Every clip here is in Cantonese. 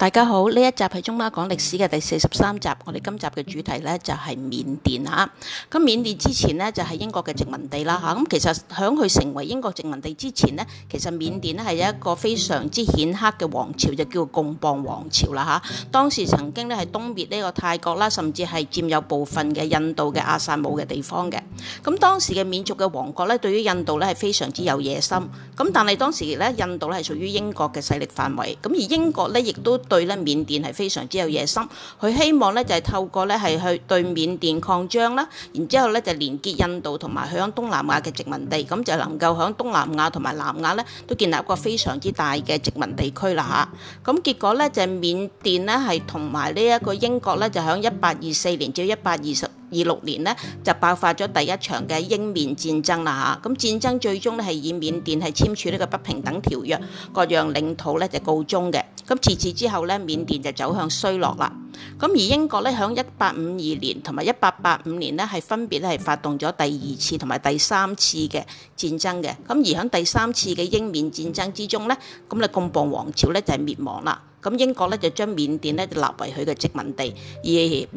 大家好，呢一集係中啦講歷史嘅第四十三集，我哋今集嘅主題呢，就係緬甸吓。咁緬甸之前呢，就係英國嘅殖民地啦吓。咁其實喺佢成為英國殖民地之前呢，其實緬甸呢係有一個非常之顯赫嘅王朝，就叫貢榜王朝啦吓。當時曾經呢係東滅呢個泰國啦，甚至係佔有部分嘅印度嘅阿薩姆嘅地方嘅。咁當時嘅緬族嘅王國咧，對於印度咧係非常之有野心。咁但係當時咧，印度咧係屬於英國嘅勢力範圍。咁而英國咧，亦都對咧緬甸係非常之有野心。佢希望咧就係透過咧係去對緬甸擴張啦，然之後咧就連結印度同埋響東南亞嘅殖民地，咁就能夠響東南亞同埋南亞咧都建立一個非常之大嘅殖民地區啦嚇。咁結果咧就係緬甸咧係同埋呢一個英國咧就響一八二四年至一八二十二六年呢，就爆發咗第一場嘅英緬戰爭啦嚇，咁戰爭最終呢係以緬甸係簽署呢個不平等條約，各樣領土呢就告終嘅。咁自此之後呢，緬甸就走向衰落啦。咁而英國呢，喺一八五二年同埋一八八五年呢，係分別咧係發動咗第二次同埋第三次嘅戰爭嘅。咁而喺第三次嘅英緬戰爭之中呢，咁你貢榜王朝呢，就係、是、滅亡啦。咁英國呢就將緬甸呢就立為佢嘅殖民地，而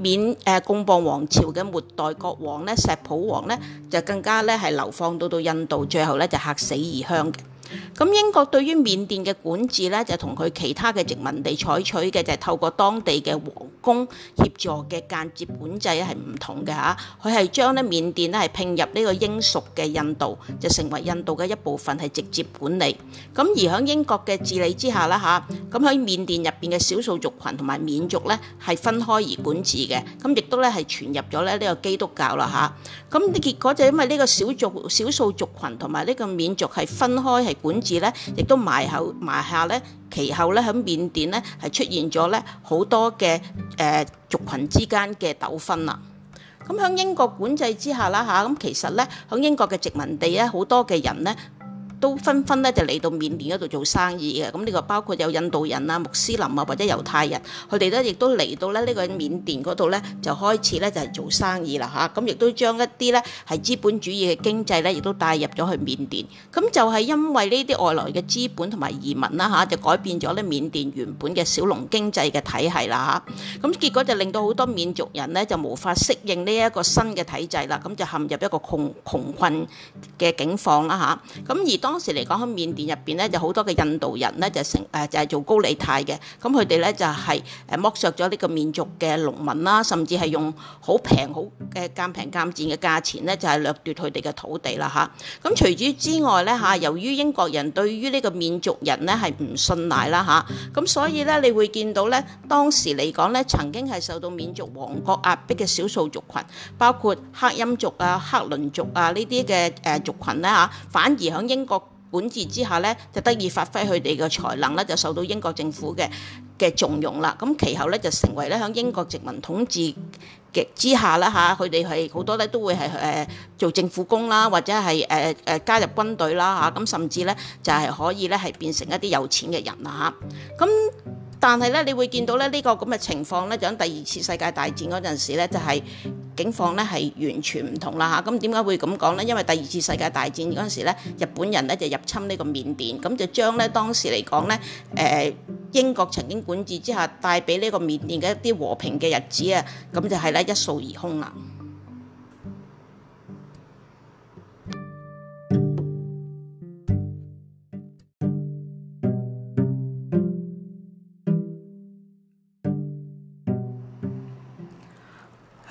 緬、呃、貢榜王朝嘅末代國王呢，錫袍王呢，就更加呢係流放到到印度，最後呢就客死異鄉嘅。咁英國對於緬甸嘅管治咧，就同佢其他嘅殖民地採取嘅就係透過當地嘅皇宮協助嘅間接管制係唔同嘅嚇，佢係將咧緬甸咧係拼入呢個英屬嘅印度，就成為印度嘅一部分，係直接管理。咁而喺英國嘅治理之下啦嚇，咁喺緬甸入邊嘅少數族群同埋緬族咧係分開而管治嘅，咁亦都咧係傳入咗咧呢個基督教啦嚇。咁啲結果就因為呢個少族少數族群同埋呢個緬族係分開係。管治咧，亦都埋下埋下咧，其後咧響緬甸咧係出現咗咧好多嘅誒、呃、族群之間嘅糾紛啦。咁響英國管制之下啦吓，咁其實咧響英國嘅殖民地咧，好多嘅人咧。都紛紛咧就嚟到緬甸嗰度做生意嘅，咁呢個包括有印度人啊、穆斯林啊或者猶太人，佢哋咧亦都嚟到咧呢個緬甸嗰度咧就開始咧就係做生意啦吓，咁亦都將一啲咧係資本主義嘅經濟咧亦都帶入咗去緬甸，咁就係因為呢啲外來嘅資本同埋移民啦吓就改變咗咧緬甸原本嘅小農經濟嘅體系啦吓，咁結果就令到好多緬族人咧就無法適應呢一個新嘅體制啦，咁就陷入一個窮窮困嘅境況啦吓。咁而當當時嚟講，喺緬甸入邊咧，就好多嘅印度人咧，就成誒就係做高利貸嘅。咁佢哋咧就係誒剝削咗呢個緬族嘅農民啦，甚至係用好平好嘅奸平奸賤嘅價錢咧，就係掠奪佢哋嘅土地啦吓，咁除此之外咧吓，由於英國人對於呢個緬族人咧係唔信賴啦吓，咁所以咧，你會見到咧，當時嚟講咧，曾經係受到緬族王國壓迫嘅少數族群，包括克欽族啊、克倫族啊呢啲嘅誒族群咧、啊、吓，反而喺英國管治之下咧，就得以發揮佢哋嘅才能咧，就受到英國政府嘅嘅重用啦。咁其後咧就成為咧響英國殖民統治嘅之下啦嚇，佢哋係好多咧都會係誒、呃、做政府工啦，或者係誒誒加入軍隊啦嚇，咁、啊、甚至咧就係、係、可以咧係變成一啲有錢嘅人啦嚇，咁、啊。但係咧，你會見到咧呢、這個咁嘅情況咧，就第二次世界大戰嗰陣時咧，就係、是、境況咧係完全唔同啦嚇。咁點解會咁講咧？因為第二次世界大戰嗰陣時咧，日本人咧就入侵呢個緬甸，咁、嗯、就將咧當時嚟講咧，誒、呃、英國曾經管治之下帶俾呢個緬甸嘅一啲和平嘅日子啊，咁、嗯嗯嗯嗯嗯嗯、就係、是、咧一掃而空啦。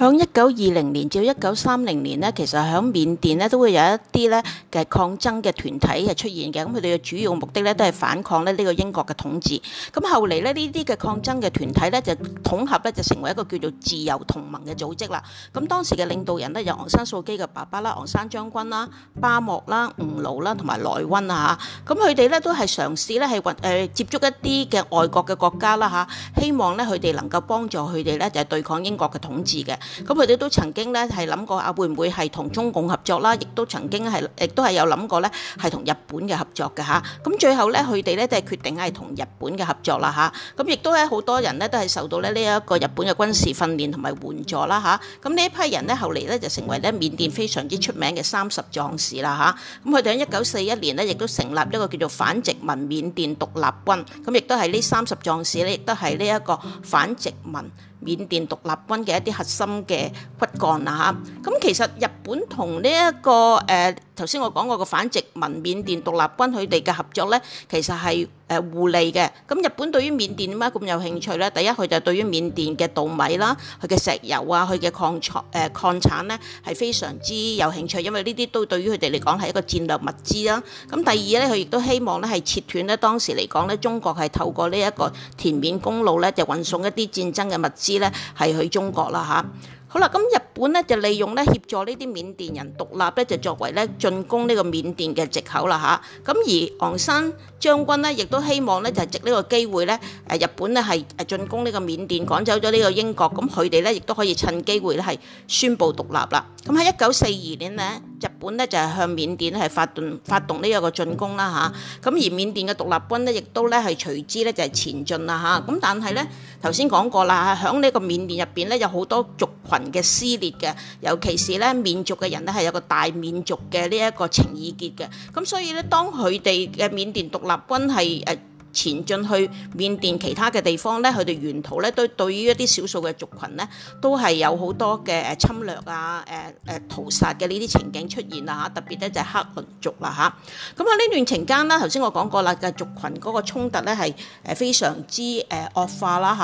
響一九二零年至一九三零年呢，其實喺緬甸咧都會有一啲咧嘅抗爭嘅團體係出現嘅。咁佢哋嘅主要目的咧都係反抗咧呢個英國嘅統治。咁後嚟咧呢啲嘅抗爭嘅團體咧就統合咧就成為一個叫做自由同盟嘅組織啦。咁當時嘅領導人呢，有昂山素基嘅爸爸啦，昂山將軍啦，巴莫啦，吳盧啦同埋萊温啊嚇。咁佢哋咧都係嘗試咧係運誒接觸一啲嘅外國嘅國家啦嚇，希望咧佢哋能夠幫助佢哋咧就係對抗英國嘅統治嘅。咁佢哋都曾經咧係諗過啊，會唔會係同中共合作啦？亦都曾經係，亦都係有諗過咧，係同日本嘅合作嘅吓，咁最後咧，佢哋咧都係決定係同日本嘅合作啦吓，咁亦都係好多人咧都係受到咧呢一個日本嘅軍事訓練同埋援助啦吓，咁呢一批人咧後嚟咧就成為咧緬甸非常之出名嘅三十壯士啦吓，咁佢哋喺一九四一年咧亦都成立一個叫做反殖民緬甸獨立軍。咁亦都係呢三十壯士咧，亦都係呢一個反殖民。緬甸獨立軍嘅一啲核心嘅骨幹啦，咁其實日本同呢一個誒頭先我講過嘅反殖民緬甸獨立軍佢哋嘅合作呢，其實係。誒互利嘅，咁日本對於緬甸點解咁有興趣呢？第一，佢就對於緬甸嘅稻米啦，佢嘅石油啊，佢嘅礦採誒、呃、礦產咧，係非常之有興趣，因為呢啲都對於佢哋嚟講係一個戰略物資啦。咁第二呢，佢亦都希望呢係切斷呢當時嚟講呢，中國係透過呢一個滇緬公路呢，就運送一啲戰爭嘅物資呢，係去中國啦嚇。好啦，咁日本咧就利用咧協助呢啲緬甸人獨立咧，就作為咧進攻呢個緬甸嘅藉口啦吓，咁、啊、而昂山將軍呢，亦都希望咧就係藉呢個機會咧、啊，日本咧係誒進攻呢個緬甸趕走咗呢個英國，咁佢哋咧亦都可以趁機會咧係宣布獨立啦。咁喺一九四二年呢，日本咧就係向緬甸係發動發動呢一個進攻啦吓，咁、啊、而緬甸嘅獨立軍呢，亦都咧係隨之咧就係、是、前進啦吓，咁、啊、但係咧。頭先講過啦，喺呢個緬甸入邊咧有好多族群嘅撕裂嘅，尤其是咧緬族嘅人咧係有個大緬族嘅呢一個情意結嘅，咁所以咧當佢哋嘅緬甸獨立軍係誒。呃前進去緬甸其他嘅地方咧，佢哋沿途咧都對，對於一啲少數嘅族群咧，都係有好多嘅誒侵略啊、誒、啊、誒、啊、屠殺嘅呢啲情景出現啦嚇，特別咧就係克倫族啦、啊、嚇。咁喺呢段期間啦，頭先我講過啦，嘅族群嗰個衝突咧係誒非常之誒、啊、惡化啦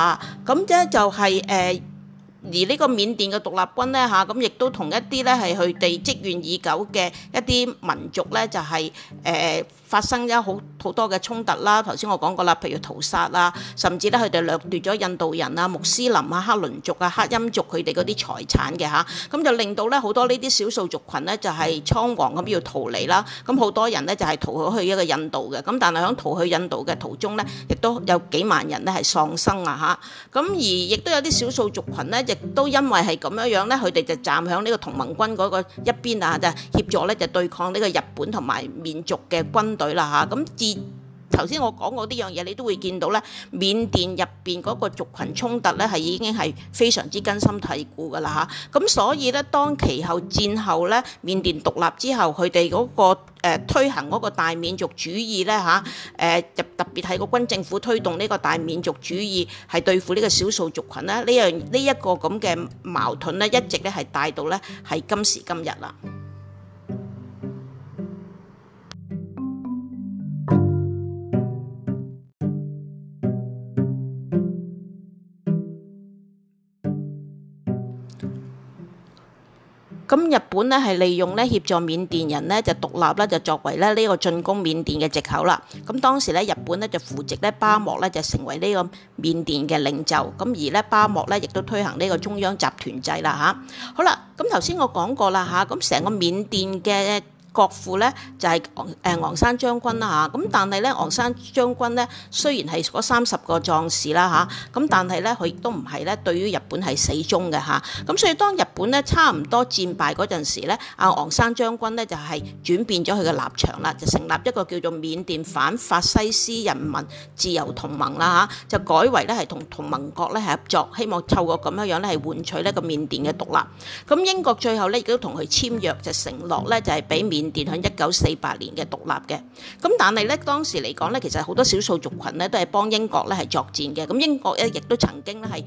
嚇。咁、啊、即就係、是、誒、啊，而呢個緬甸嘅獨立軍咧嚇，咁、啊、亦、啊、都同一啲咧係佢哋積怨已久嘅一啲民族咧，就係、是、誒。啊發生咗好好多嘅衝突啦，頭先我講過啦，譬如屠殺啦，甚至咧佢哋掠奪咗印度人啊、穆斯林啊、克倫族啊、克欽族佢哋嗰啲財產嘅吓。咁就令到咧好多呢啲少數族群咧就係倉皇咁要逃離啦，咁好多人咧就係逃咗去一個印度嘅，咁但係喺逃去印度嘅途中咧，亦都有幾萬人咧係喪生啊吓咁而亦都有啲少數族群咧，亦都因為係咁樣樣咧，佢哋就站響呢個同盟軍嗰個一邊啊，就協助咧就對抗呢個日本同埋緬族嘅軍隊。對啦嚇，咁至頭先我講過呢樣嘢，你都會見到咧，緬甸入邊嗰個族群衝突咧，係已經係非常之根深蒂固噶啦嚇。咁所以咧，當其後戰後咧，緬甸獨立之後，佢哋嗰個、呃、推行嗰個大緬族主義咧嚇，誒、呃、特別係個軍政府推動呢個大緬族主義，係對付呢個少數族群咧，呢、這個這個、樣呢一個咁嘅矛盾咧，一直咧係帶到咧係今時今日啦。咁日本咧係利用咧協助緬甸人咧就獨立咧就作為咧呢個進攻緬甸嘅藉口啦。咁當時咧日本咧就扶植咧巴莫咧就成為呢個緬甸嘅領袖。咁而咧巴莫咧亦都推行呢個中央集團制啦吓，好啦，咁頭先我講過啦吓，咁成個緬甸嘅，國父咧就係、是、誒昂，昂山將軍啦咁，啊，但係咧昂山將軍咧雖然係嗰三十個壯士啦咁，啊，但係咧佢亦都唔係咧對於日本係死忠嘅吓，咁所以當日本咧差唔多戰敗嗰陣時咧，阿昂山將軍咧就係、是、轉變咗佢嘅立場啦，就成立一個叫做緬甸反法西斯人民自由同盟啦，啊，就改為咧係同同盟國咧係合作，希望透過咁樣樣咧係換取呢個緬甸嘅獨立。咁，啊，英國最後咧亦都同佢簽約，就是、承諾咧就係、是、俾緬甸喺一九四八年嘅獨立嘅，咁但係咧當時嚟講咧，其實好多少數族群咧都係幫英國咧係作戰嘅，咁英國咧亦都曾經咧係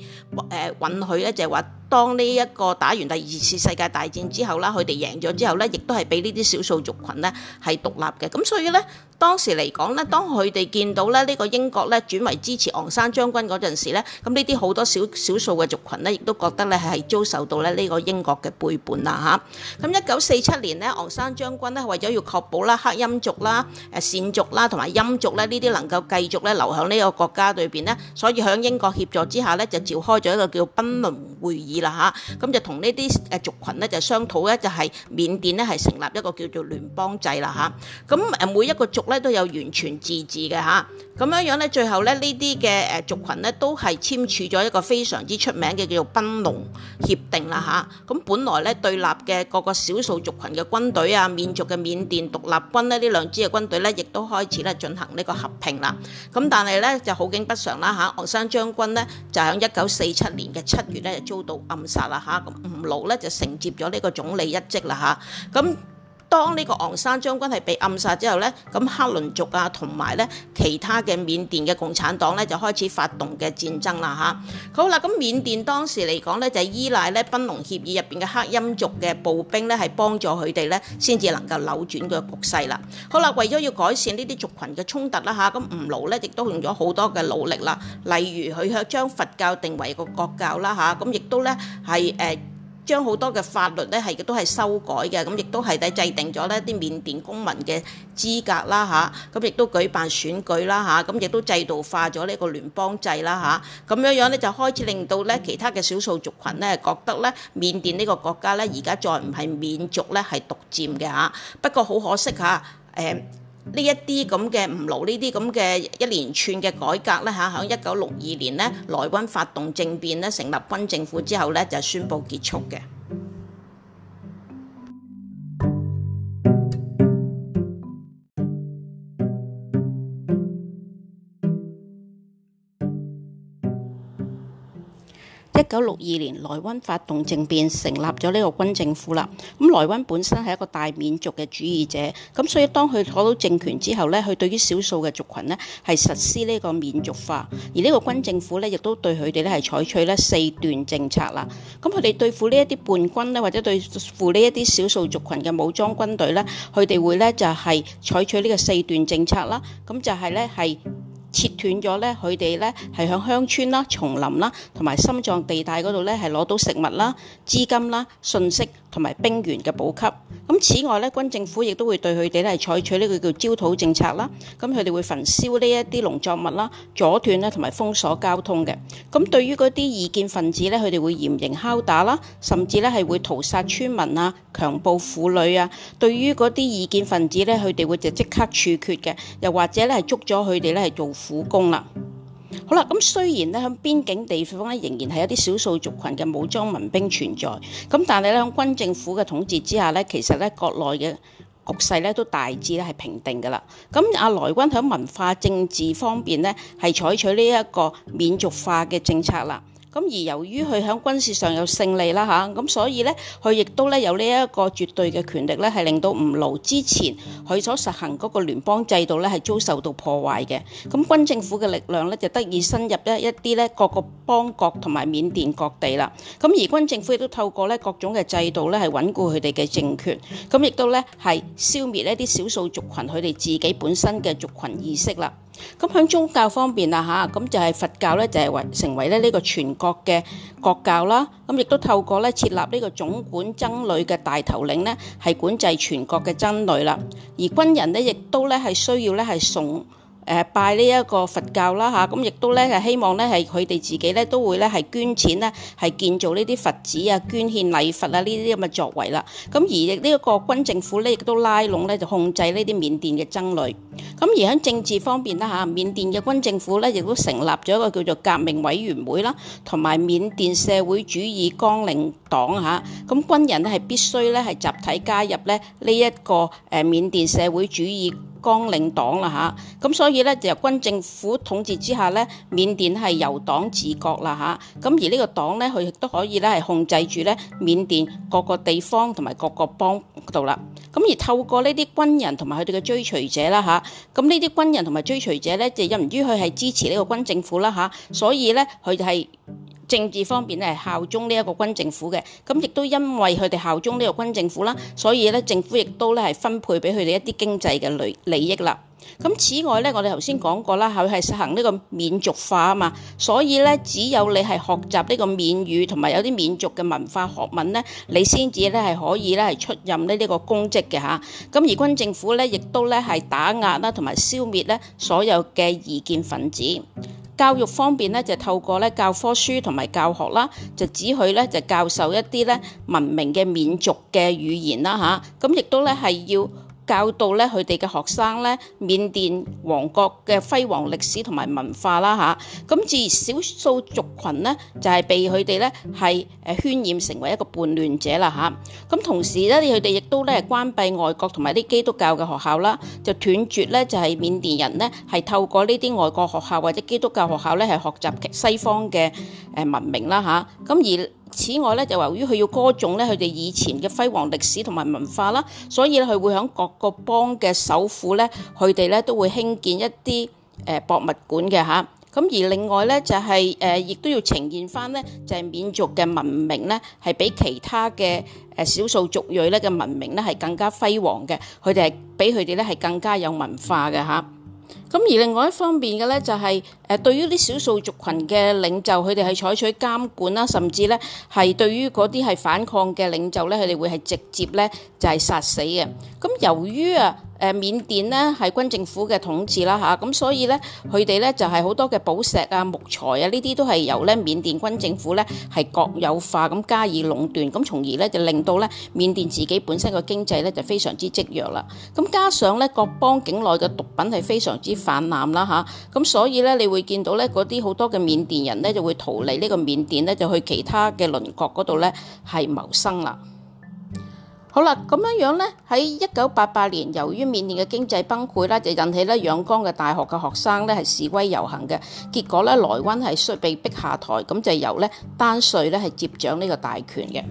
誒允許咧就係話，當呢一個打完第二次世界大戰之後啦，佢哋贏咗之後咧，亦都係俾呢啲少數族群咧係獨立嘅，咁所以咧。當時嚟講咧，當佢哋見到咧呢個英國咧轉為支持昂山將軍嗰陣時咧，咁呢啲好多少少數嘅族群咧，亦都覺得咧係遭受到咧呢個英國嘅背叛啦嚇。咁一九四七年咧，昂山將軍咧為咗要確保啦克欽族啦、誒撣族啦同埋欽族咧呢啲能夠繼續咧留響呢個國家裏邊咧，所以喺英國協助之下咧就召開咗一個叫彬龍會議啦嚇。咁就同呢啲誒族群咧就商討咧就係、是、緬甸咧係成立一個叫做聯邦制啦嚇。咁誒每一個族。都有完全自治嘅嚇，咁樣樣咧最後咧呢啲嘅誒族群呢，都係簽署咗一個非常之出名嘅叫做協《賓隆協定》啦嚇。咁本來咧對立嘅各個少數族群嘅軍隊啊，緬族嘅緬甸獨立軍呢，兩的軍隊呢兩支嘅軍隊咧，亦都開始咧進行呢個合併啦。咁但係咧就好景不常啦嚇，啊，昂生將軍昂山將軍呢，就響一九四七年嘅七月咧就遭到暗殺啦嚇，咁吳魯咧就承接咗呢個總理一職啦嚇，咁、啊。啊當呢個昂山將軍係被暗殺之後呢，咁克倫族啊，同埋呢其他嘅緬甸嘅共產黨呢，就開始發動嘅戰爭啦吓，好啦，咁緬甸當時嚟講呢，就係依賴呢賓龍協議入邊嘅克欽族嘅步兵呢，係幫助佢哋呢先至能夠扭轉個局勢啦。好啦，為咗要改善呢啲族群嘅衝突啦吓，咁吳努呢亦都用咗好多嘅努力啦，例如佢將佛教定為個國教啦吓，咁亦都呢係誒。將好多嘅法律咧係嘅都係修改嘅，咁亦都係制定咗呢啲緬甸公民嘅資格啦吓，咁亦都舉辦選舉啦吓，咁亦都制度化咗呢個聯邦制啦吓，咁樣樣咧就開始令到咧其他嘅少數族群咧覺得咧緬甸呢個國家咧而家再唔係緬族咧係獨佔嘅吓，不過好可惜吓。誒、呃。呢一啲咁嘅唔牢，呢啲咁嘅一連串嘅改革呢嚇，喺一九六二年呢，奈溫發動政變呢，成立軍政府之後呢，就宣布結束嘅。九六二年，萊温發動政變，成立咗呢個軍政府啦。咁、嗯、萊温本身係一個大緬族嘅主義者，咁所以當佢攞到政權之後咧，佢對於少數嘅族群咧係實施呢個緬族化，而呢個軍政府咧亦都對佢哋咧係採取咧四斷政策啦。咁佢哋對付呢一啲叛軍咧，或者對付呢一啲少數族群嘅武裝軍隊咧，佢哋會咧就係、是、採取呢個四斷政策啦。咁就係咧係。是切斷咗咧，佢哋咧係響鄉村啦、叢林啦，同埋心臟地帶嗰度咧，係攞到食物啦、資金啦、信息。同埋兵員嘅補給。咁此外咧，軍政府亦都會對佢哋咧係採取呢個叫焦土政策啦。咁佢哋會焚燒呢一啲農作物啦，阻斷咧同埋封鎖交通嘅。咁對於嗰啲異見分子咧，佢哋會嚴刑拷打啦，甚至咧係會屠殺村民啊，強暴婦女啊。對於嗰啲異見分子咧，佢哋會就即刻處決嘅，又或者咧係捉咗佢哋咧係做苦工啦。好啦，咁雖然咧喺邊境地方咧仍然係有啲少數族群嘅武裝民兵存在，咁但係咧喺軍政府嘅統治之下咧，其實咧國內嘅局勢咧都大致咧係平定噶啦。咁阿萊軍喺文化政治方面咧係採取呢一個緬族化嘅政策啦。咁而由於佢喺軍事上有勝利啦嚇，咁所以咧佢亦都咧有呢一個絕對嘅權力咧，係令到吳盧之前佢所實行嗰個聯邦制度咧係遭受到破壞嘅。咁軍政府嘅力量咧就得以深入一啲咧各個邦國同埋緬甸各地啦。咁而軍政府亦都透過咧各種嘅制度咧係穩固佢哋嘅政權，咁亦都咧係消滅呢啲少數族群佢哋自己本身嘅族群意識啦。咁喺宗教方面啊嚇，咁就係佛教咧就係為成為咧呢個全國嘅國教啦，咁亦都透過咧設立呢個總管僧侶嘅大頭領咧，係管制全國嘅僧侶啦。而軍人咧，亦都咧係需要咧係送。誒拜呢一個佛教啦，咁亦都咧係希望咧係佢哋自己咧都會咧係捐錢咧係建造呢啲佛寺啊、捐獻禮佛啊呢啲咁嘅作為啦。咁而亦呢一個軍政府咧亦都拉攏咧，就控制呢啲緬甸嘅僧侶。咁而喺政治方面呢，吓緬甸嘅軍政府咧亦都成立咗一個叫做革命委員會啦，同埋緬甸社會主義綱領黨下，咁軍人咧係必須咧係集體加入咧呢一個誒緬甸社會主義。綱領黨啦吓，咁所以咧就由軍政府統治之下咧，緬甸係由黨治國啦吓，咁而呢個黨咧佢亦都可以咧係控制住咧緬甸各個地方同埋各個邦度啦，咁而透過呢啲軍人同埋佢哋嘅追隨者啦吓，咁呢啲軍人同埋追隨者咧就由於佢係支持呢個軍政府啦吓，所以咧佢係，政治方面咧係效忠呢一個軍政府嘅，咁亦都因為佢哋效忠呢個軍政府啦，所以咧政府亦都咧係分配俾佢哋一啲經濟嘅利利益啦。咁此外咧，我哋頭先講過啦，佢係實行呢個緬族化啊嘛，所以咧只有你係學習呢個緬語同埋有啲緬族嘅文化學問咧，你先至咧係可以咧係出任呢呢個公職嘅嚇。咁、啊、而軍政府咧亦都咧係打壓啦同埋消滅咧所有嘅異見分子。教育方面咧就透過咧教科書同埋教學啦，就指佢咧就教授一啲咧文明嘅緬族嘅語言啦吓，咁、啊、亦、啊、都咧係要。教導咧佢哋嘅學生咧，緬甸王國嘅輝煌歷史同埋文化啦吓，咁至少數族群咧就係被佢哋咧係誒渲染成為一個叛亂者啦吓，咁同時咧佢哋亦都咧關閉外國同埋啲基督教嘅學校啦，就斷絕咧就係緬甸人咧係透過呢啲外國學校或者基督教學校咧係學習西方嘅誒文明啦吓，咁而。此外咧，就由於佢要歌頌咧，佢哋以前嘅輝煌歷史同埋文化啦，所以咧佢會喺各個邦嘅首府咧，佢哋咧都會興建一啲誒博物館嘅嚇。咁而另外咧就係誒，亦都要呈現返咧就係緬族嘅文明咧，係比其他嘅誒少數族裔咧嘅文明咧係更加輝煌嘅。佢哋係比佢哋咧係更加有文化嘅嚇。咁而另外一方面嘅咧，就係誒對於啲少數族群嘅領袖，佢哋係採取監管啦，甚至咧係對於嗰啲係反抗嘅領袖咧，佢哋會係直接咧就係殺死嘅。咁由於啊～.誒，緬甸呢係軍政府嘅統治啦吓，咁所以呢，佢哋呢就係好多嘅寶石啊、木材啊呢啲都係由呢緬甸軍政府呢係國有化，咁加以壟斷，咁從而呢就令到呢緬甸自己本身個經濟呢就非常之積弱啦。咁加上呢各邦境內嘅毒品係非常之泛濫啦吓，咁所以呢，你會見到呢嗰啲好多嘅緬甸人呢就會逃離呢個緬甸呢，就去其他嘅鄰國嗰度呢係謀生啦。好啦，咁樣樣咧，喺一九八八年，由於緬甸嘅經濟崩潰啦，就引起咧仰光嘅大學嘅學生咧係示威遊行嘅，結果咧萊溫係被逼下台，咁就由咧丹瑞咧係接掌呢個大權嘅。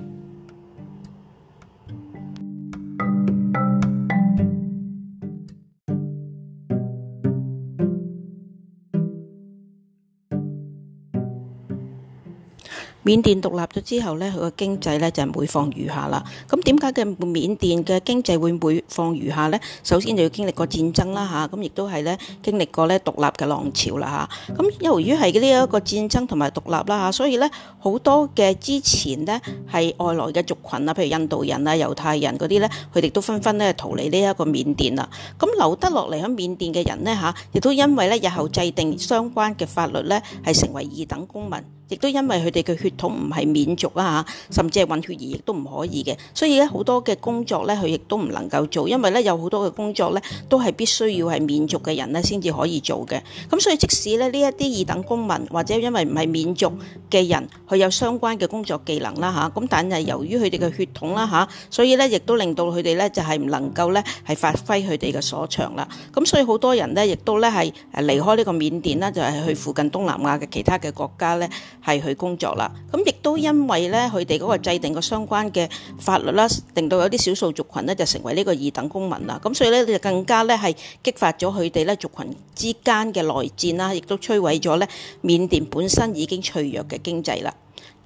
緬甸獨立咗之後呢，佢個經濟呢就每況愈下啦。咁點解嘅緬甸嘅經濟會每況愈下呢？首先就要經歷過戰爭啦吓，咁亦都係呢，經歷過呢獨立嘅浪潮啦吓，咁由於係呢一個戰爭同埋獨立啦吓，所以呢，好多嘅之前呢係外來嘅族群啊，譬如印度人啊、猶太人嗰啲呢，佢哋都紛紛呢逃離呢一個緬甸啦。咁留得落嚟喺緬甸嘅人呢，吓，亦都因為呢，日後制定相關嘅法律呢，係成為二等公民。亦都因為佢哋嘅血統唔係緬族啦嚇，甚至係混血兒亦都唔可以嘅，所以咧好多嘅工作咧佢亦都唔能夠做，因為咧有好多嘅工作咧都係必須要係緬族嘅人咧先至可以做嘅。咁所以即使咧呢一啲二等公民或者因為唔係緬族嘅人，佢有相關嘅工作技能啦嚇，咁但係由於佢哋嘅血統啦嚇，所以咧亦都令到佢哋咧就係唔能夠咧係發揮佢哋嘅所長啦。咁所以好多人咧亦都咧係誒離開呢個緬甸啦，就係、是、去附近東南亞嘅其他嘅國家咧。係去工作啦，咁亦都因為咧，佢哋嗰個制定嘅相關嘅法律啦，令到有啲少數族群咧就成為呢個二等公民啦，咁所以咧就更加咧係激發咗佢哋咧族群之間嘅內戰啦，亦都摧毀咗咧緬甸本身已經脆弱嘅經濟啦。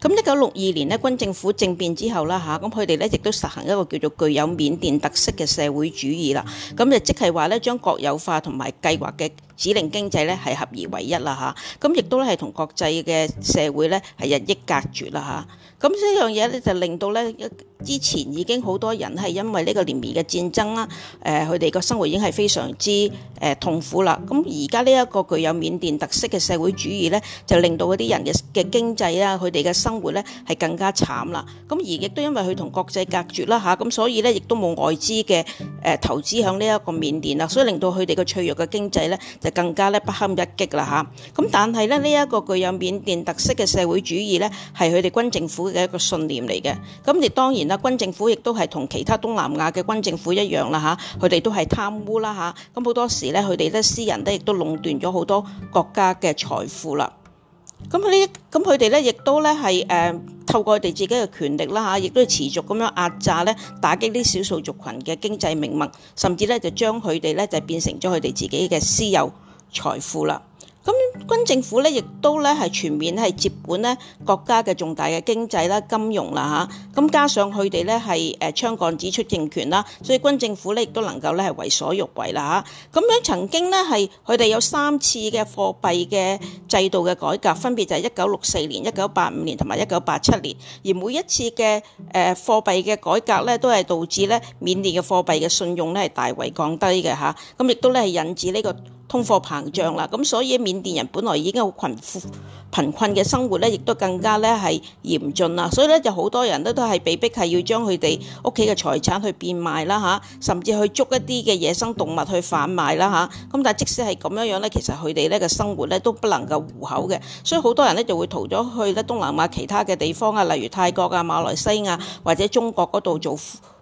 咁一九六二年呢，軍政府政變之後啦吓，咁佢哋咧亦都實行一個叫做具有緬甸特色嘅社會主義啦，咁就即係話咧將國有化同埋計劃嘅。指令經濟咧係合而為一啦嚇，咁亦都係同國際嘅社會咧係日益隔絕啦嚇。咁呢樣嘢咧就令到咧，之前已經好多人係因為呢個連綿嘅戰爭啦，誒佢哋個生活已經係非常之誒痛苦啦。咁而家呢一個具有緬甸特色嘅社會主義咧，就令到嗰啲人嘅嘅經濟啦，佢哋嘅生活咧係更加慘啦。咁而亦都因為佢同國際隔絕啦嚇，咁所以咧亦都冇外資嘅誒投資喺呢一個緬甸啊，所以令到佢哋個脆弱嘅經濟咧，就更加咧不堪一擊啦嚇，咁但係咧呢一個具有緬甸特色嘅社會主義咧，係佢哋軍政府嘅一個信念嚟嘅。咁亦當然啦，軍政府亦都係同其他東南亞嘅軍政府一樣啦嚇，佢哋都係貪污啦嚇，咁好多時咧佢哋咧私人咧亦都壟斷咗好多國家嘅財富啦。咁佢哋咧，亦都咧係誒透過佢哋自己嘅權力啦嚇，亦都係持續咁樣壓榨咧，打擊啲少數族群嘅經濟命脈，甚至咧就將佢哋咧就變成咗佢哋自己嘅私有財富啦。咁軍政府咧，亦都咧係全面係接管咧國家嘅重大嘅經濟啦、金融啦嚇。咁加上佢哋咧係誒槍桿指出政權啦，所以軍政府咧亦都能夠咧係為所欲為啦嚇。咁樣曾經咧係佢哋有三次嘅貨幣嘅制度嘅改革，分別就係一九六四年、一九八五年同埋一九八七年。而每一次嘅誒貨幣嘅改革咧，都係導致咧緬甸嘅貨幣嘅信用咧係大為降低嘅嚇。咁亦都咧係引致呢、這個。通貨膨脹啦，咁所以緬甸人本來已經好貧富貧困嘅生活咧，亦都更加咧係嚴峻啦。所以咧就好多人咧都係被逼係要將佢哋屋企嘅財產去變賣啦吓，甚至去捉一啲嘅野生動物去販賣啦吓，咁但即使係咁樣樣咧，其實佢哋咧嘅生活咧都不能夠糊口嘅。所以好多人咧就會逃咗去咧東南亞其他嘅地方啊，例如泰國啊、馬來西亞或者中國嗰度做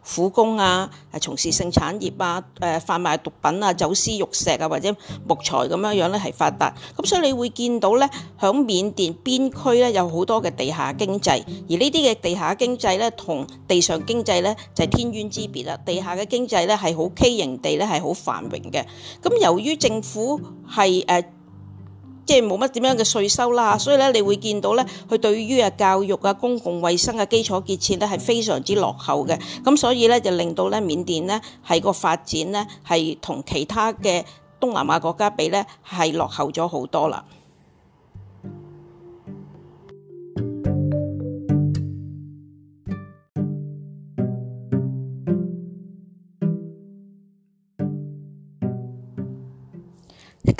苦工啊，係從事性產業啊，誒、呃、販賣毒品啊、走私玉石啊或者木材咁樣樣咧係發達，咁所以你會見到咧喺緬甸邊區咧有好多嘅地下經濟，而呢啲嘅地下經濟咧同地上經濟咧就係、是、天淵之別啦。地下嘅經濟咧係好畸形地咧係好繁榮嘅，咁由於政府係誒，呃即係冇乜點樣嘅稅收啦，所以咧你會見到咧，佢對於啊教育啊、公共衛生嘅基礎建設咧係非常之落後嘅。咁所以咧就令到咧緬甸咧係個發展咧係同其他嘅東南亞國家比咧係落後咗好多啦。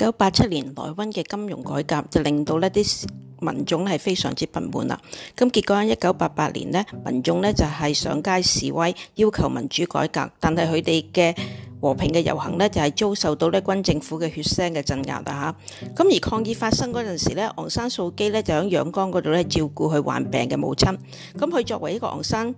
一九八七年，萊溫嘅金融改革就令到呢啲民眾咧係非常之不滿啦。咁結果喺一九八八年呢，民眾呢就係上街示威，要求民主改革。但係佢哋嘅和平嘅遊行呢，就係遭受到呢軍政府嘅血腥嘅鎮壓啊！吓，咁而抗議發生嗰陣時呢，昂山素姬呢就喺仰光嗰度咧照顧佢患病嘅母親。咁佢作為一個昂山。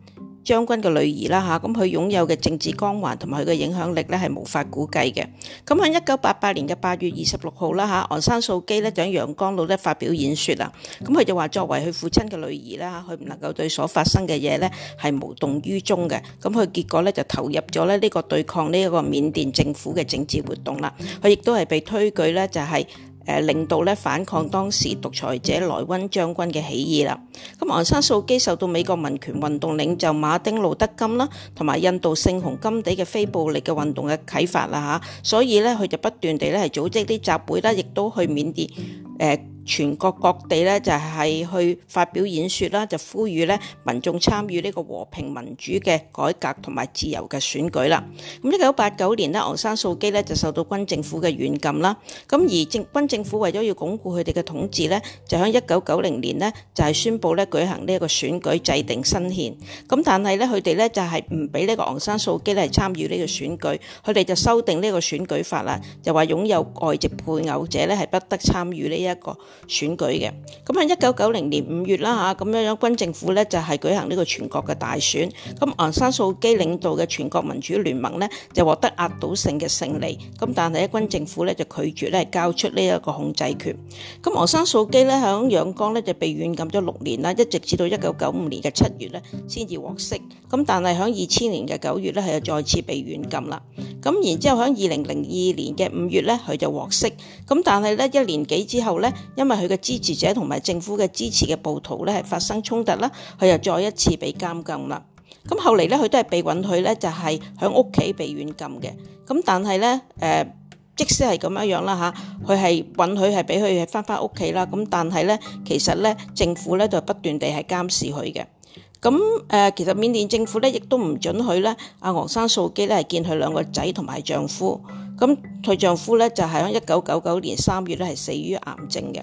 將軍嘅女兒啦嚇，咁佢擁有嘅政治光環同埋佢嘅影響力咧係無法估計嘅。咁喺一九八八年嘅八月二十六號啦嚇，昂山素姬咧就喺陽光路咧發表演說啊。咁佢就話作為佢父親嘅女兒啦嚇，佢唔能夠對所發生嘅嘢咧係無動於衷嘅。咁佢結果咧就投入咗咧呢個對抗呢一個緬甸政府嘅政治活動啦。佢亦都係被推舉咧就係、是。誒領導咧反抗當時獨裁者萊溫將軍嘅起義啦，咁昂山素姬受到美國民權運動領袖馬丁路德金啦，同埋印度聖雄甘地嘅非暴力嘅運動嘅啟發啦嚇，所以咧佢就不斷地咧係組織啲集會啦，亦都去緬甸誒。呃全國各地咧就係去發表演說啦，就呼籲咧民眾參與呢個和平民主嘅改革同埋自由嘅選舉啦。咁一九八九年呢，昂山素姬咧就受到軍政府嘅軟禁啦。咁而政軍政府為咗要鞏固佢哋嘅統治咧，就喺一九九零年呢，就係宣布咧舉行呢一個選舉，制定新憲。咁但係咧佢哋咧就係唔俾呢個昂山素姬嚟參與呢個選舉，佢哋就修訂呢個選舉法啦，就話擁有外籍配偶者咧係不得參與呢、這、一個。選舉嘅，咁喺一九九零年五月啦嚇，咁樣樣軍政府咧就係舉行呢個全國嘅大選，咁昂山素基領導嘅全國民主聯盟咧就獲得壓倒性嘅勝利，咁但係咧軍政府咧就拒絕咧交出呢一個控制權，咁昂山素基咧喺仰光咧就被軟禁咗六年啦，一直至到一九九五年嘅七月咧先至獲釋，咁但係喺二千年嘅九月咧係又再次被軟禁啦，咁然之後喺二零零二年嘅五月咧佢就獲釋，咁但係咧一年幾之後咧因為佢嘅支持者同埋政府嘅支持嘅暴徒咧，發生衝突啦，佢又再一次被監禁啦。咁後嚟咧，佢都係被允許咧，就係喺屋企被軟禁嘅。咁但係咧，誒，即使係咁樣樣啦吓，佢係允許係俾佢翻翻屋企啦。咁但係咧，其實咧，政府咧就不斷地喺監視佢嘅。咁、呃、其實緬甸政府也亦都唔准許咧，阿昂山素基咧係見佢兩個仔同埋丈夫。咁佢丈夫呢，就在就係喺一九九九年三月咧係死於癌症嘅。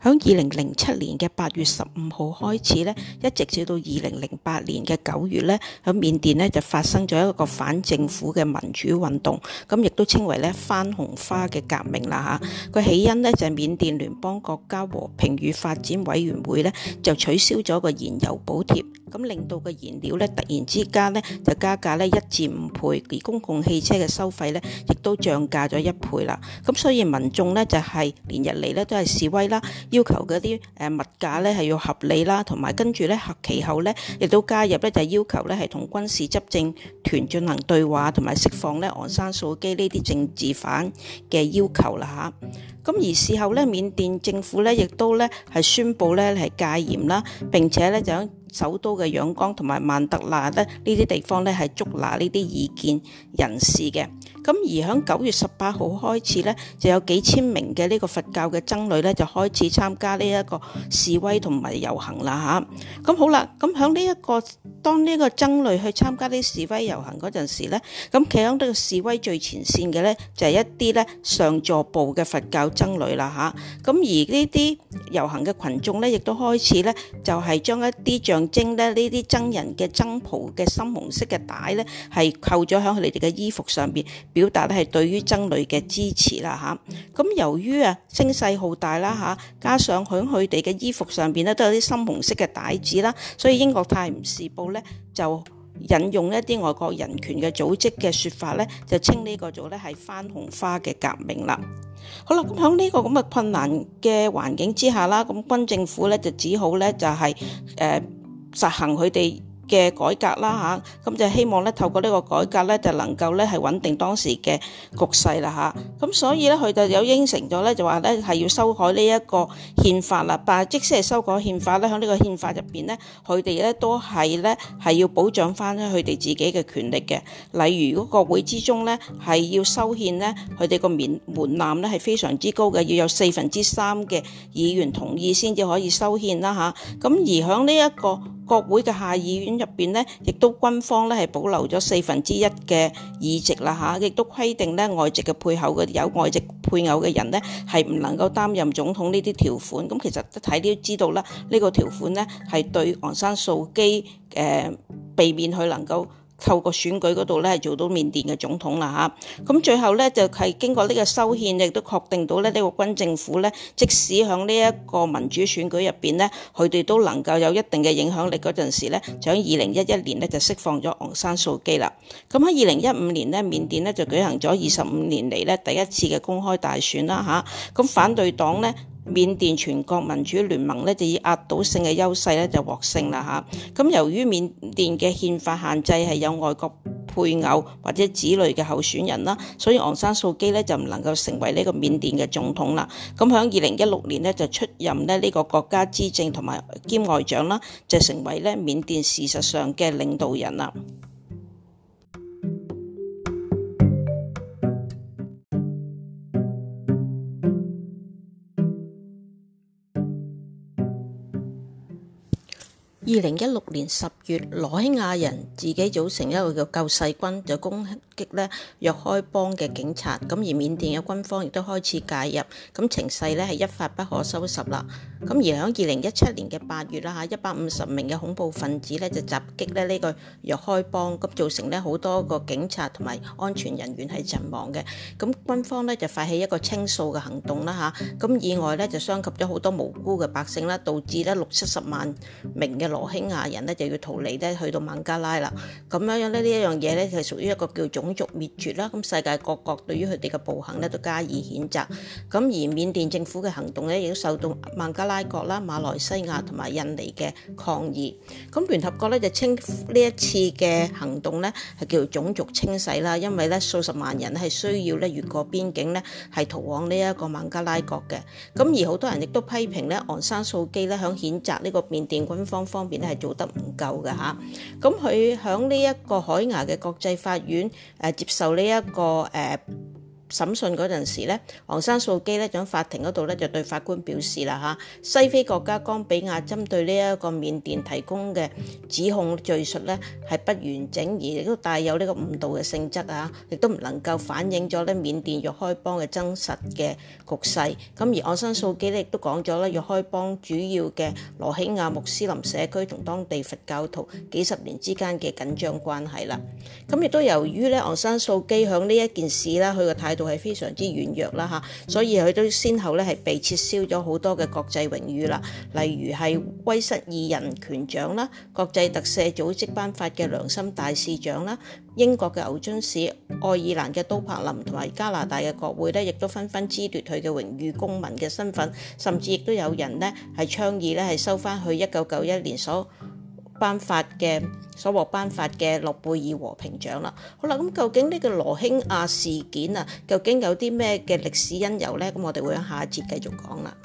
喺二零零七年嘅八月十五號開始咧，一直至到二零零八年嘅九月咧，喺緬甸咧就發生咗一個反政府嘅民主運動，咁亦都稱為咧番紅花嘅革命啦嚇。佢起因咧就係緬甸聯邦國家和平與發展委員會咧就取消咗個燃油補貼。咁令到嘅燃料咧，突然之間咧就加價咧一至五倍，而公共汽車嘅收費咧亦都漲價咗一倍啦。咁所以民眾咧就係、是、連日嚟咧都係示威啦，要求嗰啲誒物價咧係要合理啦，同埋跟住咧合其後咧亦都加入咧就是、要求咧係同軍事執政團進行對話，同埋釋放咧昂山素姬呢啲政治犯嘅要求啦嚇。咁而事後咧，緬甸政府咧亦都咧係宣布咧係戒嚴啦，並且咧就響首都嘅仰光同埋曼德納咧呢啲地方咧係捉拿呢啲異見人士嘅。咁而喺九月十八號開始咧，就有幾千名嘅呢個佛教嘅僧侶咧，就開始參加呢一個示威同埋遊行啦嚇。咁好啦，咁喺呢一個當呢個僧侶去參加呢示威遊行嗰陣時咧，咁企喺呢個示威最前線嘅咧，就係一啲咧上座部嘅佛教僧侶啦嚇。咁而呢啲遊行嘅群眾咧，亦都開始咧，就係將一啲象徵咧呢啲僧人嘅僧袍嘅深紅色嘅帶咧，係扣咗喺佢哋嘅衣服上邊。表達咧係對於僧侶嘅支持啦嚇，咁由於啊聲勢浩大啦嚇，加上響佢哋嘅衣服上邊咧都有啲深紅色嘅帶子啦，所以英國泰晤士報咧就引用一啲外國人權嘅組織嘅説法咧，就稱呢個做咧係番紅花嘅革命啦。好啦，咁響呢個咁嘅困難嘅環境之下啦，咁軍政府咧就只好咧就係、是、誒、呃、實行佢哋嘅改革啦吓，咁、啊、就希望咧透過呢個改革咧，就能夠咧係穩定當時嘅局勢啦吓，咁、啊、所以咧佢就有應承咗咧，就話咧係要修改呢一個憲法啦。但即使係修改憲法咧，喺呢個憲法入邊咧，佢哋咧都係咧係要保障翻咧佢哋自己嘅權力嘅。例如嗰個會之中咧係要修憲咧，佢哋個免門檻咧係非常之高嘅，要有四分之三嘅議員同意先至可以修憲啦吓，咁、啊、而喺呢一個國會嘅下議院入邊咧，亦都軍方咧係保留咗四分之一嘅議席啦嚇，亦、啊、都規定咧外籍嘅配偶嘅有外籍配偶嘅人咧係唔能夠擔任總統呢啲條款。咁其實一睇都知道啦，呢、呢個條款咧係對昂山素基誒、呃、避免佢能夠。透過選舉嗰度咧係做到緬甸嘅總統啦嚇，咁最後咧就係經過呢個修憲，亦都確定到咧呢個軍政府咧，即使喺呢一個民主選舉入邊咧，佢哋都能夠有一定嘅影響力，嗰陣時咧，就喺二零一一年咧就釋放咗昂山素姬啦。咁喺二零一五年咧，緬甸咧就舉行咗二十五年嚟咧第一次嘅公開大選啦吓，咁反對黨咧。緬甸全國民主聯盟咧就以壓倒性嘅優勢咧就獲勝啦嚇。咁由於緬甸嘅憲法限制係有外國配偶或者子女嘅候選人啦，所以昂山素姬咧就唔能夠成為呢個緬甸嘅總統啦。咁喺二零一六年咧就出任咧呢個國家資政同埋兼外長啦，就成為咧緬甸事實上嘅領導人啦。二零一六年十月，羅興亞人自己組成一個叫救世軍，就攻擊咧若開邦嘅警察，咁而緬甸嘅軍方亦都開始介入，咁情勢咧係一發不可收拾啦。咁而喺二零一七年嘅八月啦嚇，一百五十名嘅恐怖分子咧就襲擊咧呢個若開邦，咁造成咧好多個警察同埋安全人員係陣亡嘅。咁軍方咧就發起一個清掃嘅行動啦嚇，咁意外咧就傷及咗好多無辜嘅百姓啦，導致咧六七十萬名嘅羅興亞人呢，就要逃離咧去到孟加拉啦。咁樣樣咧呢一樣嘢咧係屬於一個叫做。種族滅絕啦！咁世界各國對於佢哋嘅暴行咧都加以譴責。咁而緬甸政府嘅行動咧，亦都受到孟加拉國啦、馬來西亞同埋印尼嘅抗議。咁聯合國咧就稱呢一次嘅行動咧係叫做種族清洗啦，因為咧數十萬人係需要咧越過邊境咧係逃往呢一個孟加拉國嘅。咁而好多人亦都批評咧昂山素姬咧響譴責呢個緬甸軍方方面咧係做得唔夠嘅㗎。咁佢響呢一個海牙嘅國際法院。誒、啊，接受呢、這、一個誒。啊審訊嗰陣時咧，昂山素基咧響法庭嗰度咧就對法官表示啦嚇，西非國家岡比亞針對呢一個緬甸提供嘅指控敘述咧係不完整而亦都帶有呢個誤導嘅性質啊，亦都唔能夠反映咗咧緬甸若開邦嘅真實嘅局勢。咁而昂山素基咧亦都講咗咧若開邦主要嘅羅興亞穆斯林社區同當地佛教徒幾十年之間嘅緊張關係啦。咁亦都由於咧昂山素基響呢一件事啦，佢嘅態度。就係非常之軟弱啦吓，所以佢都先後咧係被撤銷咗好多嘅國際榮譽啦，例如係威瑟爾人權獎啦，國際特赦組織頒發嘅良心大使獎啦，英國嘅牛津市、愛爾蘭嘅都柏林同埋加拿大嘅國會呢，亦都紛紛褫奪佢嘅榮譽公民嘅身份，甚至亦都有人呢係倡議呢係收翻去一九九一年所頒發嘅所獲頒發嘅諾貝爾和平獎啦，好啦，咁究竟呢個羅興亞事件啊，究竟有啲咩嘅歷史因由呢？咁我哋會喺下一節繼續講啦。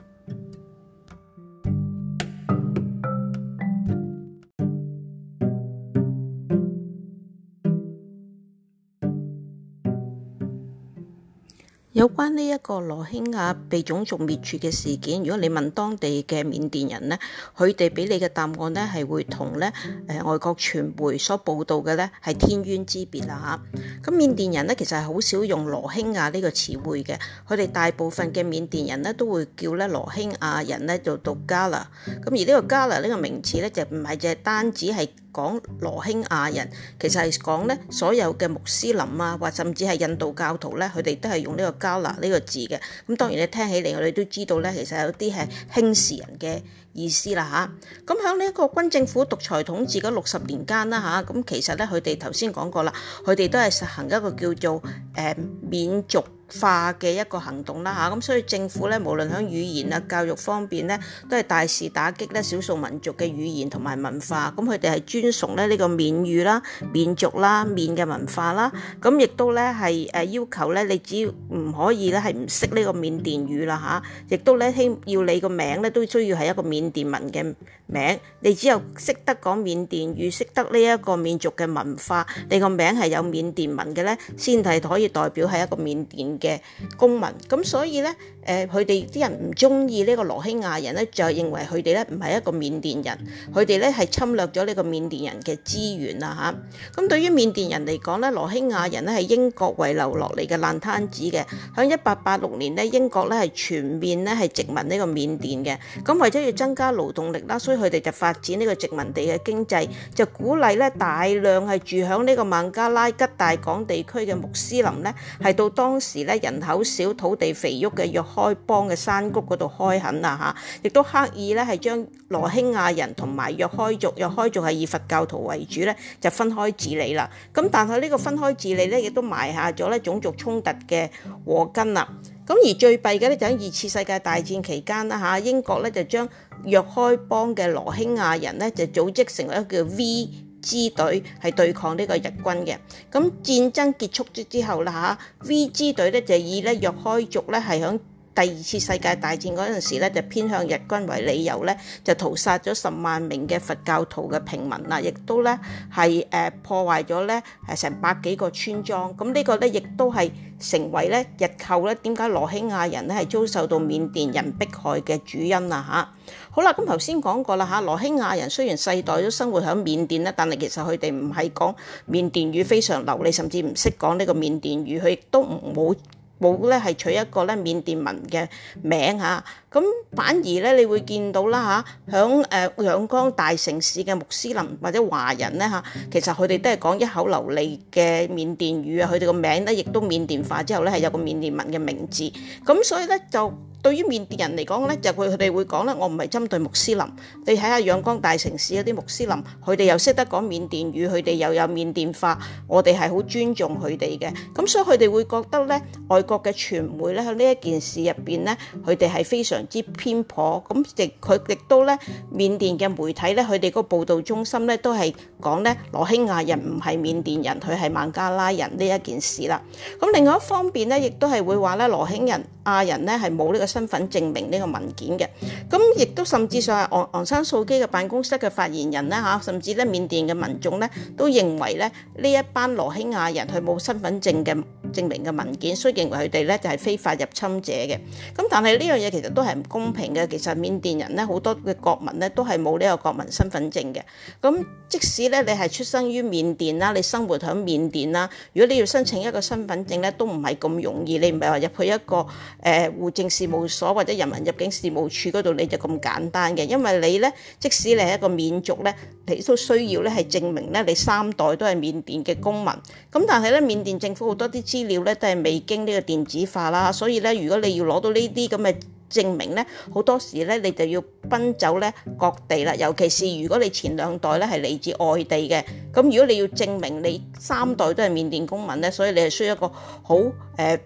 有關呢一個羅興亞被種族滅絕嘅事件，如果你問當地嘅緬甸人咧，佢哋俾你嘅答案咧係會同咧誒外國傳媒所報道嘅咧係天淵之別啦嚇。咁緬甸人咧其實係好少用羅興亞呢個詞彙嘅，佢哋大部分嘅緬甸人咧都會叫咧羅興亞人咧做獨家啦。咁而呢個 Gala 呢個名詞咧就唔係淨單止係講羅興亞人，其實係講咧所有嘅穆斯林啊，或甚至係印度教徒咧，佢哋都係用呢個加。呢、這個字嘅咁，當然你聽起嚟，我哋都知道咧，其實有啲係輕視人嘅意思啦吓，咁喺呢個軍政府獨裁統治嗰六十年間啦吓，咁其實咧佢哋頭先講過啦，佢哋都係實行一個叫做誒、呃、「緬族」。化嘅一個行動啦嚇，咁所以政府咧，無論喺語言啊、教育方面咧，都係大肆打擊咧少數民族嘅語言同埋文化。咁佢哋係尊崇咧呢個緬語啦、緬族啦、緬嘅文化啦。咁亦都咧係誒要求咧，你只要唔可以咧係唔識呢個緬甸語啦嚇。亦都咧希要你個名咧都需要係一個緬甸文嘅名。你只有識得講緬甸語、識得呢一個緬族嘅文化，你個名係有緬甸文嘅咧，先係可以代表係一個緬甸嘅公民咁，所以咧，誒、呃，佢哋啲人唔中意呢個羅興亞人咧，就認為佢哋咧唔係一個緬甸人，佢哋咧係侵略咗呢個緬甸人嘅資源啊吓，咁對於緬甸人嚟講咧，羅興亞人咧係英國遺留落嚟嘅爛攤子嘅。響一八八六年咧，英國咧係全面咧係殖民呢個緬甸嘅。咁為咗要增加勞動力啦，所以佢哋就發展呢個殖民地嘅經濟，就鼓勵咧大量係住響呢個孟加拉吉大港地區嘅穆斯林咧，係到當時咧。人口少、土地肥沃嘅若開邦嘅山谷嗰度開墾啦，吓，亦都刻意咧係將羅興亞人同埋若開族、若開族係以佛教徒為主咧，就分開治理啦。咁但係呢個分開治理咧，亦都埋下咗咧種族衝突嘅禍根啦。咁而最弊嘅咧，就喺二次世界大戰期間啦，吓，英國咧就將若開邦嘅羅興亞人咧就組織成一個 V 支隊係對抗呢個日軍嘅，咁戰爭結束咗之後啦吓 v 支隊咧就以咧若開族咧係響第二次世界大戰嗰陣時咧就偏向日軍為理由咧，就屠殺咗十萬名嘅佛教徒嘅平民啦，亦都咧係誒破壞咗咧誒成百幾個村莊，咁呢個咧亦都係成為咧日後咧點解羅興亞人咧係遭受到緬甸人迫害嘅主因啦吓。好啦，咁頭先講過啦嚇，羅興亞人雖然世代都生活喺緬甸咧，但係其實佢哋唔係講緬甸語非常流利，甚至唔識講呢個緬甸語，佢亦都冇冇咧係取一個咧緬甸文嘅名嚇。咁反而咧，你會見到啦嚇，喺誒仰光大城市嘅穆斯林或者華人咧嚇，其實佢哋都係講一口流利嘅緬甸語啊，佢哋個名咧亦都緬甸化之後咧係有個緬甸文嘅名字，咁所以咧就。對於緬甸人嚟講咧，就佢佢哋會講咧，我唔係針對穆斯林。你睇下仰光大城市嗰啲穆斯林，佢哋又識得講緬甸語，佢哋又有緬甸化，我哋係好尊重佢哋嘅。咁所以佢哋會覺得咧，外國嘅傳媒咧喺呢一件事入邊咧，佢哋係非常之偏頗。咁亦佢亦都咧，緬甸嘅媒體咧，佢哋個報導中心咧都係講咧，羅興亞人唔係緬甸人，佢係孟加拉人呢一件事啦。咁另外一方面咧，亦都係會話咧，羅興亞人咧係冇呢個。身份證明呢個文件嘅，咁亦都甚至上係昂昂山素姬嘅辦公室嘅發言人啦。吓、啊，甚至咧緬甸嘅民眾咧都認為咧呢一班羅興亞人佢冇身份證嘅證明嘅文件，所以認為佢哋咧就係、是、非法入侵者嘅。咁但係呢樣嘢其實都係唔公平嘅。其實緬甸人咧好多嘅國民咧都係冇呢個國民身份證嘅。咁即使咧你係出生於緬甸啦，你生活喺緬甸啦，如果你要申請一個身份證咧，都唔係咁容易。你唔係話入去一個誒戶、呃、政事務。所或者人民入境事務處嗰度你就咁簡單嘅，因為你咧，即使你係一個緬族咧，你都需要咧係證明咧你三代都係緬甸嘅公民。咁但係咧，緬甸政府好多啲資料咧都係未經呢個電子化啦，所以咧，如果你要攞到呢啲咁嘅證明咧，好多時咧你就要奔走咧各地啦。尤其是如果你前兩代咧係嚟自外地嘅，咁如果你要證明你三代都係緬甸公民咧，所以你係需要一個好誒。呃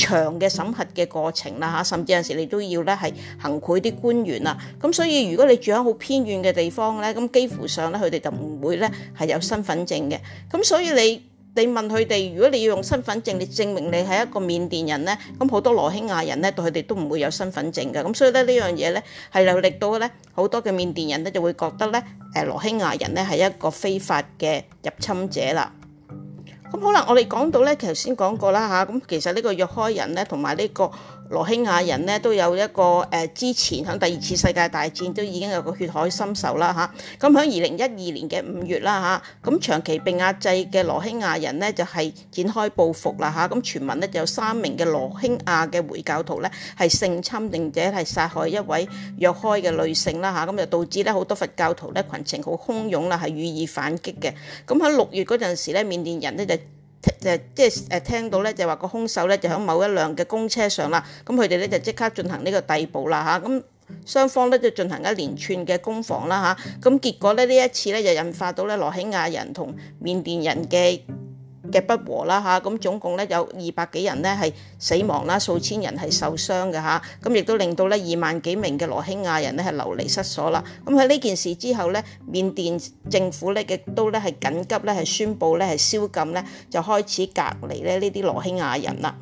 長嘅審核嘅過程啦嚇，甚至有時你都要咧係行賄啲官員啦。咁所以如果你住喺好偏遠嘅地方咧，咁幾乎上咧佢哋就唔會咧係有身份證嘅。咁所以你你問佢哋，如果你要用身份證，你證明你係一個緬甸人咧，咁好多羅興亞人咧對佢哋都唔會有身份證嘅。咁所以咧呢樣嘢咧係有力到咧好多嘅緬甸人咧就會覺得咧，誒羅興亞人咧係一個非法嘅入侵者啦。咁好啦，我哋講到咧，頭先講過啦吓，咁其實呢個約開人咧，同埋呢個。羅興亞人呢，都有一個誒，之前喺第二次世界大戰都已經有個血海深仇啦嚇，咁喺二零一二年嘅五月啦嚇，咁長期被壓制嘅羅興亞人呢，就係展開報復啦嚇，咁傳聞呢，就有三名嘅羅興亞嘅回教徒呢，係性侵定者係殺害一位弱開嘅女性啦嚇，咁就導致咧好多佛教徒呢，群情好洶湧啦，係予以反擊嘅。咁喺六月嗰陣時呢，緬甸人呢，就誒、呃、即係誒、呃、聽到咧就話個兇手咧就喺某一輛嘅公車上啦，咁佢哋咧就即刻進行呢個逮捕啦吓，咁、啊、雙方咧就進行一連串嘅攻防啦吓，咁、啊、結果咧呢一次咧就引發到咧羅興亞人同緬甸人嘅嘅不和啦吓，咁總共咧有二百幾人咧係死亡啦，數千人係受傷㗎。吓，咁亦都令到咧二萬幾名嘅羅興亞人咧係流離失所啦。咁喺呢件事之後咧，緬甸政府咧亦都咧係緊急咧係宣布咧係宵禁咧，就開始隔離咧呢啲羅興亞人啦。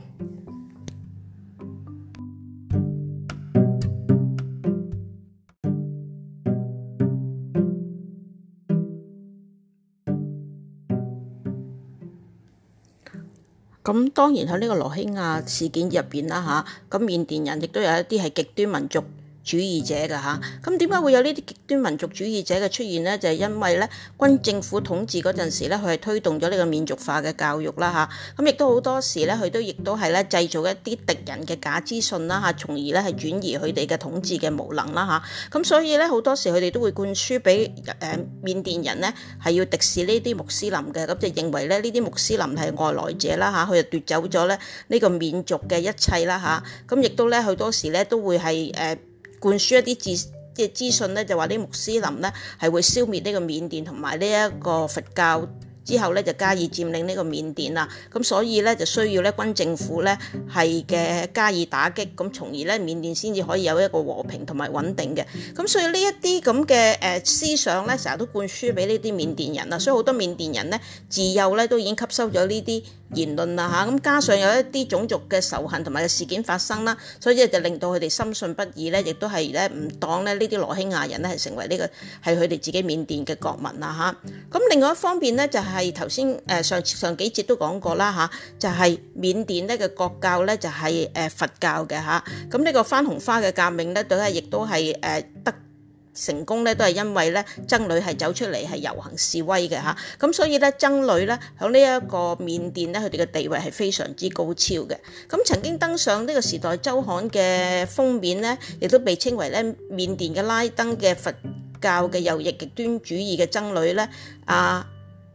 咁當然喺呢個羅興亞、啊、事件入邊，啦吓咁緬甸人亦都有一啲係極端民族主義者嘅嚇，咁點解會有呢啲極端民族主義者嘅出現呢？就係因為咧，軍政府統治嗰陣時咧，佢係推動咗呢個緬族化嘅教育啦吓，咁亦都好多時咧，佢都亦都係咧製造一啲敵人嘅假資訊啦吓，從而咧係轉移佢哋嘅統治嘅無能啦吓，咁所以咧好多時佢哋都會灌輸俾誒緬甸人呢，係要敵視呢啲穆斯林嘅，咁就認為咧呢啲穆斯林係外來者啦吓，佢就奪走咗咧呢個緬族嘅一切啦吓，咁亦都咧好多時咧都會係誒。呃灌輸一啲資即係資訊，就話啲穆斯林咧係會消滅呢個緬甸同埋呢一個佛教。之後咧就加以佔領呢個緬甸啦，咁所以咧就需要咧軍政府咧係嘅加以打擊，咁從而咧緬甸先至可以有一個和平同埋穩定嘅。咁所以呢一啲咁嘅誒思想咧，成日都灌輸俾呢啲緬甸人啦，所以好多緬甸人咧自幼咧都已經吸收咗呢啲言論啦嚇。咁加上有一啲種族嘅仇恨同埋事件發生啦，所以咧就令到佢哋深信不疑咧，亦都係咧唔當咧呢啲羅興亞人咧係成為呢個係佢哋自己緬甸嘅國民啦嚇。咁另外一方面咧就係。係頭先誒，上上幾節都講過啦嚇、啊，就係、是、緬甸呢個國教咧就係、是、誒、呃、佛教嘅嚇。咁、啊、呢、這個番紅花嘅革命咧，對啊，亦都係誒得成功咧，都係因為咧僧侶係走出嚟係遊行示威嘅嚇。咁、啊、所以咧僧侶咧喺呢一個緬甸咧，佢哋嘅地位係非常之高超嘅。咁、啊、曾經登上《呢個時代周刊》嘅封面咧，亦都被稱為咧緬甸嘅拉登嘅佛教嘅右翼極端主義嘅僧侶咧啊。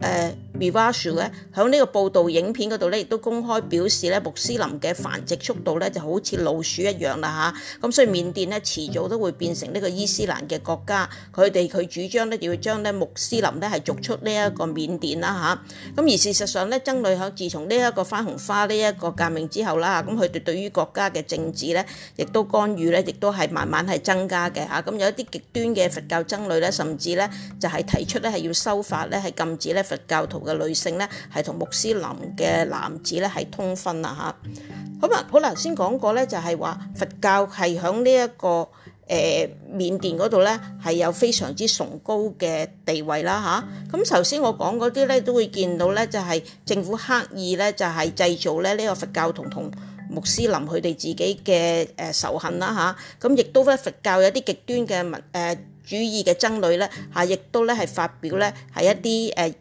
誒 Mivashu 咧，喺呢個報道影片嗰度咧，亦都公開表示咧，穆斯林嘅繁殖速度咧就好似老鼠一樣啦吓，咁、啊、所以緬甸咧遲早都會變成呢個伊斯蘭嘅國家。佢哋佢主張咧要將呢穆斯林咧係逐出呢一個緬甸啦吓，咁、啊、而事實上咧，僧侶喺自從呢一個番紅花呢一個革命之後啦，咁佢哋對於國家嘅政治咧，亦都干預咧，亦都係慢慢係增加嘅吓，咁、啊、有一啲極端嘅佛教僧侶咧，甚至咧就係、是、提出咧係要修法咧，係禁止咧。佛教徒嘅女性咧，係同穆斯林嘅男子咧，係通婚啦吓。好嘛，好，頭先講過咧，就係話佛教係響呢一個誒緬甸嗰度咧，係有非常之崇高嘅地位啦吓。咁頭先我講嗰啲咧，都會見到咧，就係政府刻意咧，就係製造咧呢個佛教同同穆斯林佢哋自己嘅誒仇恨啦吓。咁、啊、亦都咧佛教有啲極端嘅民誒主義嘅僧侶咧吓，亦、啊、都咧係發表咧係一啲誒。呃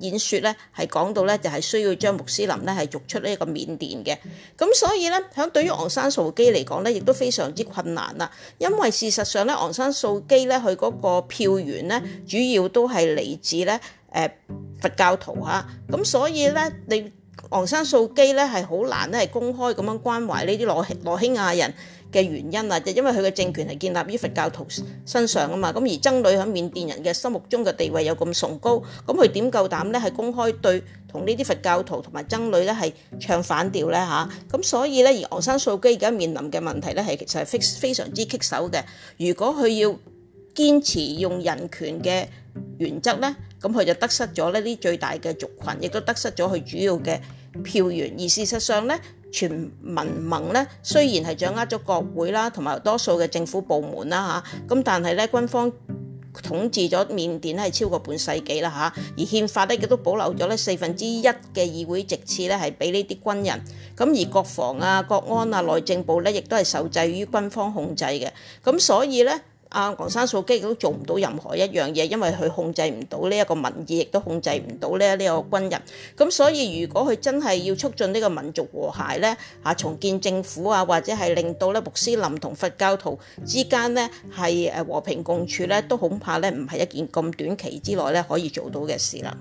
演説咧係講到咧，就係需要將穆斯林咧係逐出呢一個緬甸嘅。咁所以咧響對於昂山素姬嚟講咧亦都非常之困難啦，因為事實上咧昂山素姬咧佢嗰個票源咧主要都係嚟自咧誒佛教徒嚇，咁所以咧你昂山素姬咧係好難咧係公開咁樣關懷呢啲羅羅興亞人嘅原因啦，就因為佢嘅政權係建立於佛教徒身上啊嘛，咁而僧侶喺緬甸人嘅心目中嘅地位又咁崇高，咁佢點夠膽咧係公開對同呢啲佛教徒同埋僧侶咧係唱反調咧吓，咁所以咧，而昂山素姬而家面臨嘅問題咧，係其實係非非常之棘手嘅。如果佢要堅持用人權嘅原則咧，咁佢就得失咗呢啲最大嘅族群，亦都得失咗佢主要嘅票源。而事實上咧，全民盟咧雖然係掌握咗國會啦，同埋多數嘅政府部門啦吓，咁但係咧軍方統治咗緬甸咧係超過半世紀啦吓，而憲法咧亦都保留咗呢四分之一嘅議會席次咧係俾呢啲軍人，咁而國防啊、國安啊、內政部咧亦都係受制於軍方控制嘅，咁所以咧。阿昂山素基亦都做唔到任何一樣嘢，因為佢控制唔到呢一個民意，亦都控制唔到咧呢個軍人。咁所以，如果佢真係要促進呢個民族和諧咧，啊重建政府啊，或者係令到咧穆斯林同佛教徒之間咧係誒和平共處咧，都恐怕咧唔係一件咁短期之內咧可以做到嘅事啦。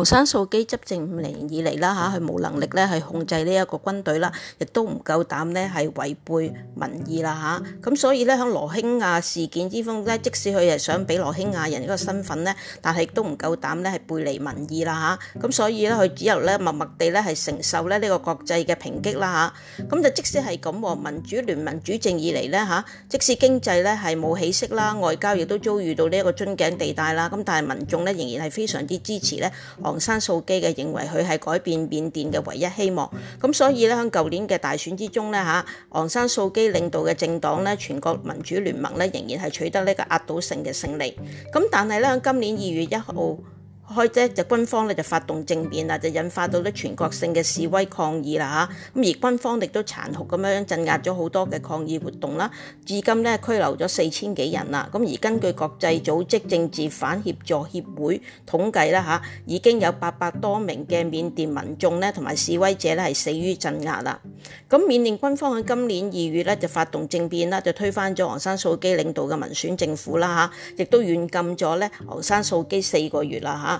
昂山素姬執政五年以嚟啦，吓佢冇能力咧去控制呢一個軍隊啦，亦都唔夠膽咧係違背民意啦，吓咁所以咧響羅興亞事件之中，咧，即使佢係想俾羅興亞人呢個身份咧，但係亦都唔夠膽咧係背離民意啦，吓咁所以咧佢只有咧默默地咧係承受咧呢個國際嘅抨擊啦，吓咁就即使係咁和民主聯盟主政以嚟咧，吓即使經濟咧係冇起色啦，外交亦都遭遇到呢一個樽頸地帶啦，咁但係民眾咧仍然係非常之支持咧。昂山素基嘅認為佢係改變緬甸嘅唯一希望，咁所以咧喺舊年嘅大選之中咧嚇，昂山素基領導嘅政黨咧全國民主聯盟咧仍然係取得呢個壓倒性嘅勝利，咁但係咧喺今年二月一號，開啫，就軍方咧就發動政變啦，就引發到咧全國性嘅示威抗議啦嚇。咁而軍方亦都殘酷咁樣鎮壓咗好多嘅抗議活動啦。至今咧拘留咗四千幾人啦。咁而根據國際組織政治反協助協會統計啦嚇，已經有八百多名嘅緬甸民眾咧同埋示威者咧係死於鎮壓啦。咁緬甸軍方喺今年二月咧就發動政變啦，就推翻咗昂山素姬領導嘅民選政府啦嚇，亦都軟禁咗咧昂山素姬四個月啦嚇。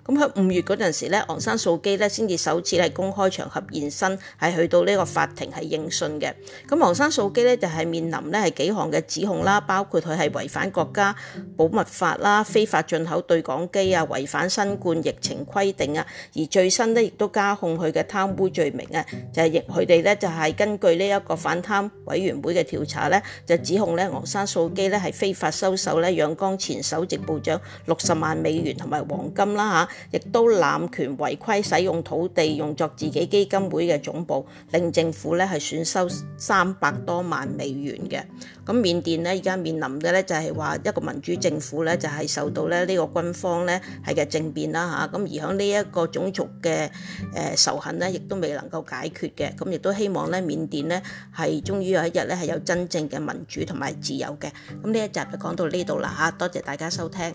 咁喺五月嗰陣時咧，昂山素基咧先至首次係公開場合現身，係去到呢個法庭係應訊嘅。咁昂山素基咧就係面臨咧係幾項嘅指控啦，包括佢係違反國家保密法啦、非法進口對講機啊、違反新冠疫情規定啊，而最新咧亦都加控佢嘅貪污罪名啊，就係亦佢哋咧就係根據呢一個反貪委員會嘅調查咧，就指控咧昂山素基咧係非法收受咧仰光前首席部長六十萬美元同埋黃金啦嚇。亦都濫權違規使用土地用作自己基金會嘅總部，令政府咧係損失三百多萬美元嘅。咁緬甸咧而家面臨嘅咧就係話一個民主政府咧就係、是、受到咧呢個軍方咧係嘅政變啦嚇，咁、啊、而喺呢一個種族嘅誒、呃、仇恨咧亦都未能夠解決嘅，咁、啊、亦都希望咧緬甸咧係終於有一日咧係有真正嘅民主同埋自由嘅。咁呢一集就講到呢度啦嚇，多謝大家收聽。